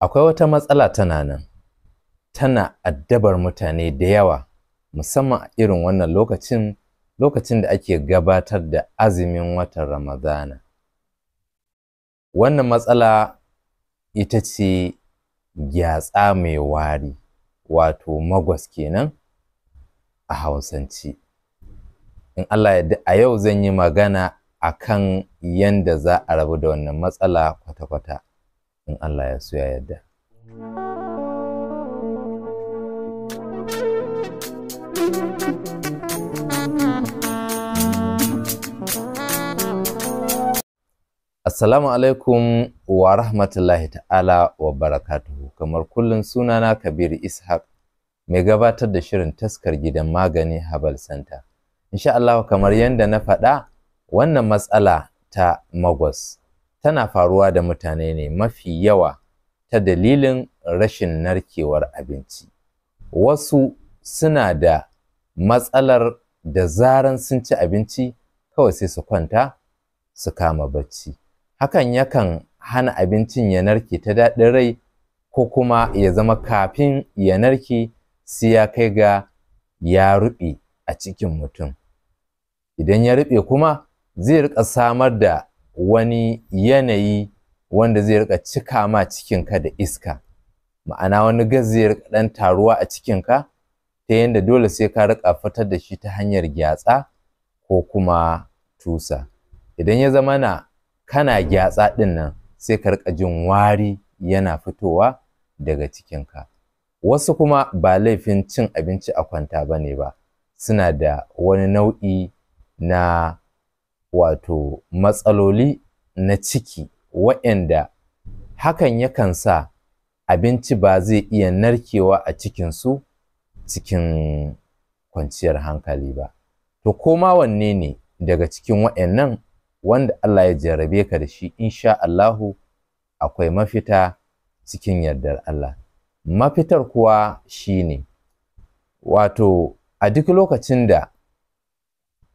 akwai wata matsala tana nan tana addabar mutane da yawa musamman a irin wannan lokacin lokacin da ake gabatar da azumin watan ramadana wannan matsala ita ce gyatsa mai wari wato magwas kenan a hausance in allah yadda a yau zan yi magana akan yanda za a rabu da wannan matsala kwata-kwata in Allah ya so ya yadda Assalamu alaikum wa rahmatullahi ta'ala wa barakatuhu kamar kullum sunana Kabir Ishaq mai gabatar da shirin taskar gidan magani Habal Center. Insha Allah kamar yadda na faɗa wannan matsala ta magos tana faruwa da mutane ne mafi yawa ta dalilin rashin narkewar abinci wasu suna da matsalar da zaran sun ci abinci kawai sai su kwanta su kama bacci hakan yakan hana abincin ya narke ta daɗin rai ko kuma ya zama kafin ya narke sai ya kai ga ya ruɓe a cikin mutum idan ya ruɓe kuma zai riƙa samar da wani yanayi wanda zai rika cika ma cikinka da iska ma'ana wani gas zai rika ɗan taruwa a cikinka ta yanda dole sai ka rika fitar da shi ta hanyar gyatsa ko kuma tusa idan ya zama na kana gyatsa ɗinnan nan sai ka rika jin wari yana fitowa daga cikinka wasu kuma ba laifin cin abinci a kwanta bane ba suna da wani nau'i na wato matsaloli na ciki waɗanda hakan yakan sa abinci ba zai iya narkewa a cikinsu cikin kwanciyar hankali ba. To koma wanne ne daga cikin waɗannan wanda Allah ya jarabe ka da shi insha Allahu akwai mafita cikin yardar Allah. Mafitar kuwa shi ne, wato a duk lokacin da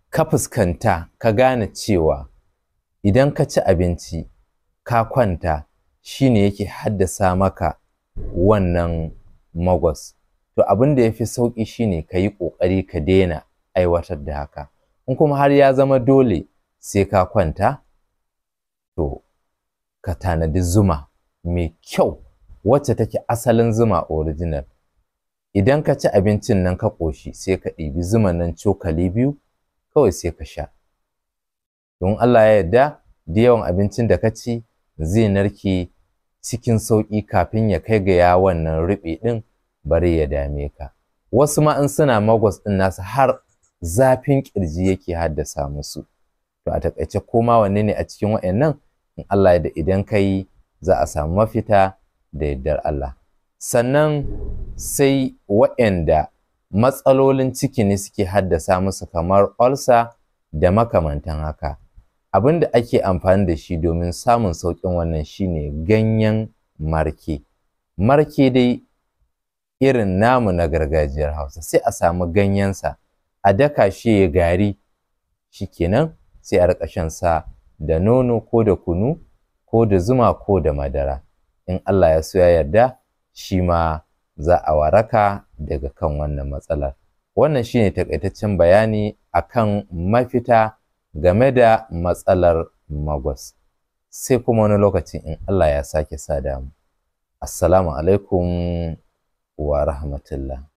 ka fuskanta ka gane cewa idan ka ci abinci ka kwanta shi ne yake haddasa maka wannan magos, to abin da ya fi sauƙi shi ne ka yi ƙoƙari ka daina aiwatar da haka in kuma har ya zama dole sai ka kwanta to ka tanadi zuma mai kyau wacce take asalin zuma original idan ka ci abincin nan ka ƙoshi sai ka ɗibi zuma nan cokali biyu kawai sai ka sha don Allah ya yarda da yawan abincin da ka ci zai narke cikin sauƙi kafin ya kai ga yawon nan ruɓe ɗin bari ya dame ka wasu ma in suna magwas ɗin nasu har zafin ƙirji yake haddasa musu to a taƙaice koma wanne ne a cikin wa'annan in Allah ya da idan ka yi za a samu mafita da yardar Allah sannan sai wa'anda matsalolin ciki ne suke haddasa musu kamar olsa da makamantan haka abin da ake amfani da shi domin samun sauƙin wannan shine ganyen marke marke dai irin namu na gargajiyar hausa sai a samu ganyensa a daka shi ya gari shi kenan sai a riƙa shan sa da nono ko da kunu ko da zuma ko da madara in Allah ya so ya yarda shi ma za a waraka daga kan wannan matsalar wannan shine taƙaitaccen bayani a kan mafita game da matsalar magos. sai kuma wani lokacin in Allah ya sake sa damu assalamu alaikum wa rahmatullah